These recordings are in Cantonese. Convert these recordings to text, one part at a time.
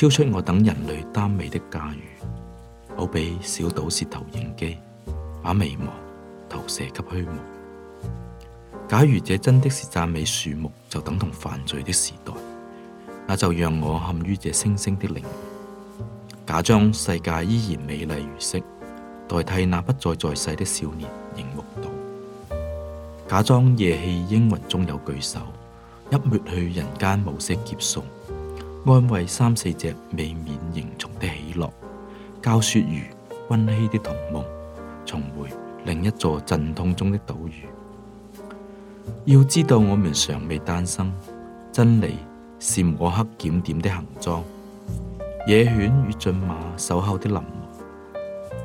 超出我等人類單美的駕馭，好比小島是投影機，把迷茫投射給虛無。假如這真的是讚美樹木，就等同犯罪的時代，那就讓我陷於這星星的靈魂，假裝世界依然美麗如昔，代替那不再在世的少年凝目睹，假裝夜氣陰雲中有巨手，一抹去人間某些劫數。安慰三四隻未免凝重的喜樂，教說如溫馨的童夢，重回另一座陣痛中的島嶼。要知道，我們尚未誕生，真理是摸黑檢點的行裝，野犬與駿馬守候的林。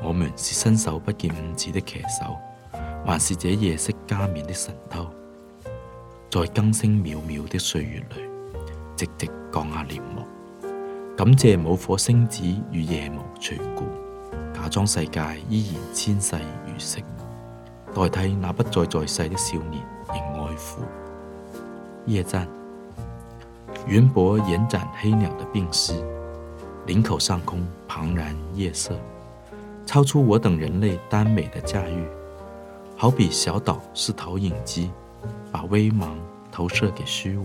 我們是伸手不見五指的騎手，還是這夜色加冕的神偷？在更聲渺渺的歲月裏。直直降下簾幕，感謝某顆星子與夜幕垂顧，假裝世界依然纖細如昔，代替那不再在，在世的少年仍愛撫。夜贊遠播遠贊黑鳥的病詩，領口上空龐然夜色，超出我等人類單美的駕馭，好比小島是投影機，把微芒投射給虛無。